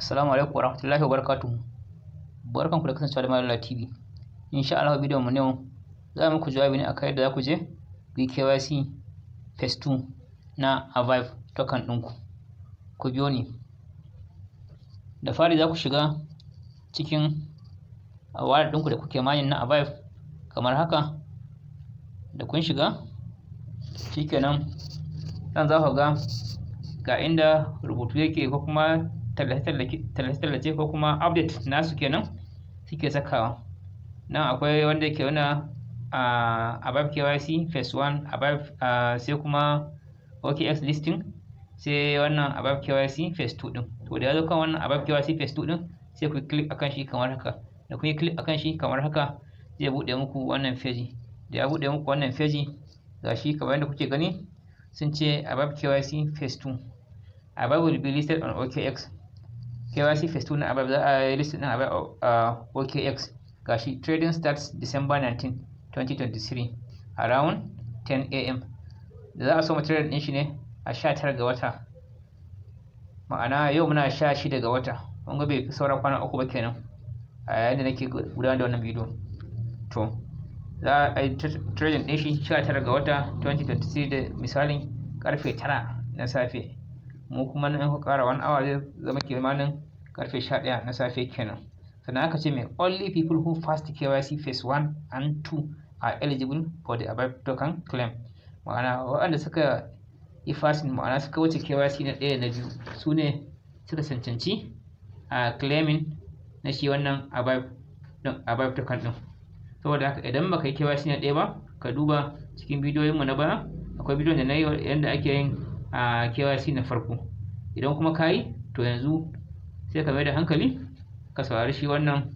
Assalamu alaikum warahmatullahi wabarakatuh. Barkanku da kasancewa da Malala TV. Insha Allah bidiyon mu ne za muku jawabi ne akan yadda za ku je ku KYC phase 2 na Avive token ɗinku. Ku biyo ni. Da fari za ku shiga cikin wallet ɗinku da kuke mayin na Avive kamar haka. Da kun shiga shikenan nan za ku ga ga inda rubutu yake ko kuma tallace-tallace ko kuma update nasu kenan suke sakawa nan akwai wanda ke wani abab kyc phase 1 abab sai kuma okx listing sai wannan abab kyc phase 2 din to da ya zo kan wannan abab kyc phase 2 din sai ku click akan shi kamar haka da kun yi click akan shi kamar haka zai bude muku wannan page da ya bude muku wannan feji gashi kamar yadda kuke gani sun ce abab kyc phase 2 abab will be listed on okx KYC Festool na ababa za a ah, list din abab a ah, OKX gashi trading starts December 19 2023 around 10 am da za a so material din shi ne a 19 ga wata ma'ana yau muna 16 ga wata kun ga bai sauran kwana uku ba kenan a yayin da nake gudanar da wannan bidiyo to za a yi trading din shi 19 ga wata 2023 da misalin karfe 9 na safe mu kuma nan ƙara wani awa zai zama kimanin karfe 11 na safe kenan sannan aka ce me only people who fast KYC phase 1 and 2 are eligible for the above token claim ma'ana waɗanda suka yi fasting ma'ana suka wuce KYC na ɗaya na biyu su suka cancanci a claiming na shi wannan above token ɗin saboda haka idan baka yi KYC na ɗaya ba ka duba cikin bidiyoyinmu na bana akwai bidiyon da na yi yadda ake yin a KYC na farko idan kuma ka yi to yanzu sai ka mai da hankali ka saurari shi wannan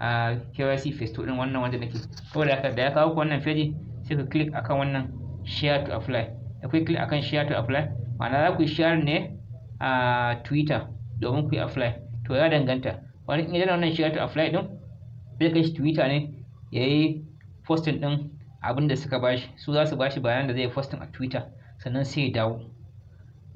a KYC face 2 din wannan wanda nake saboda haka da ya kawo ku wannan feji sai ka click akan wannan share to apply akwai click akan share to apply ma'ana za ku yi share ne a Twitter domin ku yi apply to ya danganta wani in yana wannan share to apply din zai kai shi Twitter ne yayi posting din abin da suka bashi su za su bashi bayanan da zai posting a Twitter sannan sai ya dawo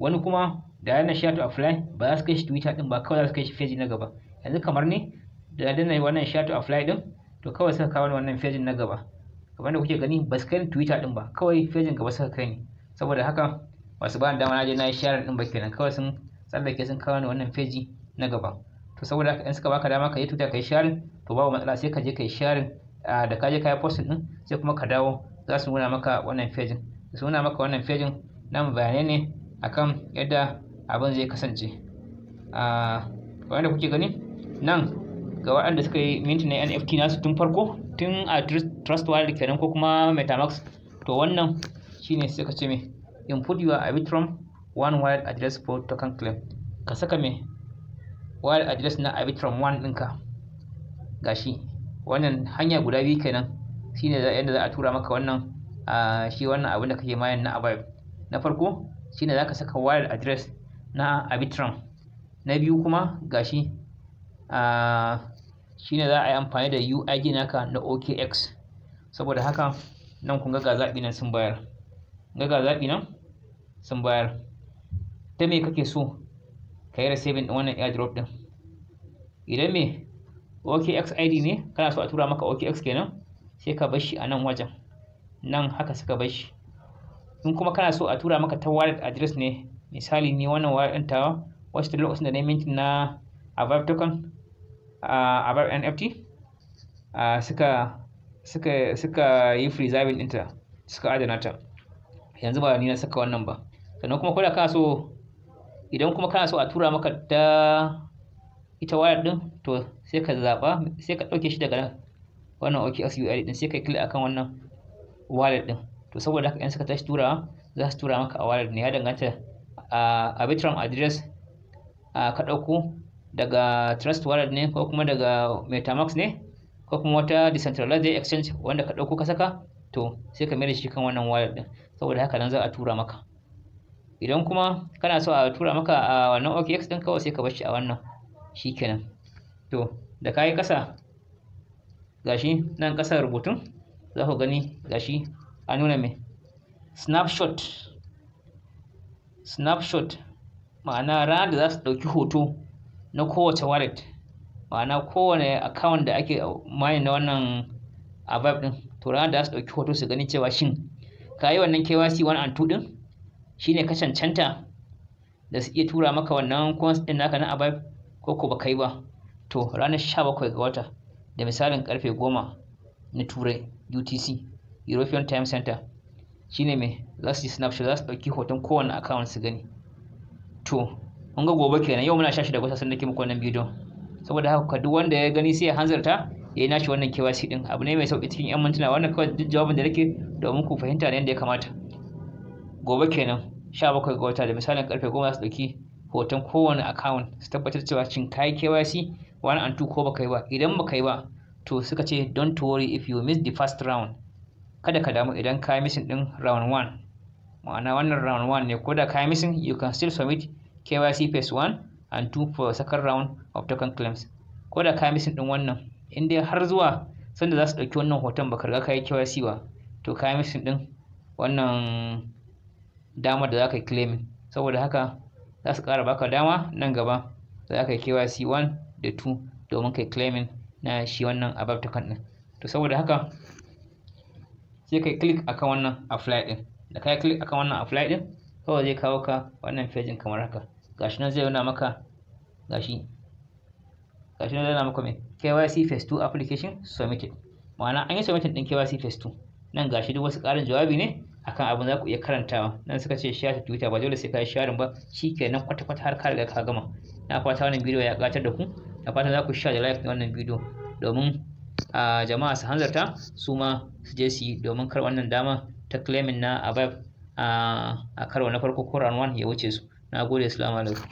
wani kuma da ya na share to apply ba za su kai shi twitter din ba kawai za su kai shi page na gaba yanzu kamar ne da ya danna wannan share to apply din to kawai suka kawo wannan page na gaba kamar da kuke gani ba su kai twitter din ba kawai page gaba suka kai ne saboda haka wasu ba dama na je na yi share din ba kenan kawai sun tsallake sun kawo wannan page na gaba to saboda haka in suka baka dama ka yi twitter ka yi share to babu matsala sai ka je ka yi share da ka je ka yi post din sai kuma ka dawo za su nuna maka wannan page su nuna maka wannan page nan bayanai ne akan yadda abin zai kasance a wanda kuke gani nan ga waɗanda suka yi minti na NFT nasu tun farko tun a Trust Wallet kenan ko kuma Metamax to wannan shine sai ka ce me input your Arbitrum one wallet address for token claim ka saka me wallet address na Arbitrum one ɗinka gashi wannan hanya guda biyu kenan shine yadda za a tura maka wannan shi wannan abin da kake mayan na abai na farko shine zaka saka wallet address na arbitrum na biyu kuma gashi a shine za a yi amfani da UID naka na OKX saboda haka nan kun ga ga zaɓi nan sun bayar ga ga zaɓi nan sun bayar ta me kake so ka yi receiving ɗin wannan airdrop ɗin idan me OKX ID ne kana so a tura maka OKX kenan sai ka bar shi a nan wajen nan haka suka bar shi in kuma kana so a tura maka ta wallet address ne misali ni wannan wallet ɗin ta, wasu tun lokacin da na yi na avar token avar nft suka suka suka yi preserving ɗinta suka adana ta yanzu ba ni na saka wannan ba sannan kuma koda kana so idan kuma kana so a tura maka ta ita wallet din to sai ka zaba sai ka dauke shi daga nan wannan OKX URL din sai ka click akan wannan wallet din to saboda haka in suka tashi tura za su tura maka a wallet ne ya danganta a arbitrum address ka ɗauko daga trust wallet ne ko kuma daga metamax ne ko kuma wata decentralized exchange wanda ka ɗauko ka saka to sai ka mere shi kan wannan wallet din saboda haka nan za a tura maka idan kuma kana so a tura maka a wannan OKX din kawai sai ka bar shi a wannan shikenan to da kayi kasa gashi nan kasa rubutun za ku gani gashi A nuna mai. snapshot snapshot ma'ana ranar da za su ɗauki hoto na kowace wallet ma'ana kowane account da ake mani na wannan abab din to rana da za su ɗauki hoto su gani cewa shin ka yi wannan KYC one and 2 din shine ka cancanta da su iya tura maka wannan coins ɗin naka na abab ko ko baka yi ba to ranar 17 ga wata da misalin karfe goma na turai UTC european time center Shi ne mai za su yi snapshot za su ɗauki hoton kowane account su gani to mun ga gobe kenan yau muna sha shi da gwasa sun nake muku wannan bidiyon saboda haka ka duk wanda ya gani sai ya hanzarta ya yi nashi wannan KYC din abu ne mai sauƙi cikin 'yan mintuna wannan kawai duk jawabin da nake domin ku fahimta ne yadda ya kamata gobe kenan sha bakwai ga wata da misalin karfe goma za su ɗauki hoton kowane account su tabbatar cewa shin ka yi KYC wani an tu ko ba yi ba idan ba yi ba to suka ce don't worry if you miss the first round kada ka damu idan ka yi missing din round 1 ma'ana wannan round 1 ne ko da ka yi missing you can still submit KYC phase 1 and 2 for second round of token claims ko da ka yi missing din wannan in dai har zuwa sanda za su ɗauki wannan hoton baka riga ka yi KYC ba to ka yi missing din wannan dama da za ka yi claiming saboda haka za su ƙara baka dama nan gaba za ka yi KYC 1 da 2 domin kai claiming na shi wannan above token din to saboda haka sai kai click akan wannan apply din da kai click akan wannan apply din kawai zai kawo ka wannan page kamar haka gashi nan zai nuna maka gashi gashi nan zai nuna maka me KYC phase 2 application submitted ma'ana an yi submitted din KYC phase 2 nan gashi duk wasu ƙarin jawabi ne akan abin za ku iya karantawa nan suka ce share twitter ba dole sai ka yi sharing ba shikenan kwata kwata har ka riga ka gama na fata wannan bidiyo ya gatar da ku na fata za ku share da like wannan bidiyo domin a jama'a su hanzarta su ma su je su yi domin kar wannan dama ta claiming na abab a karo na farko ko round 1 ya wuce su na gode assalamu alaikum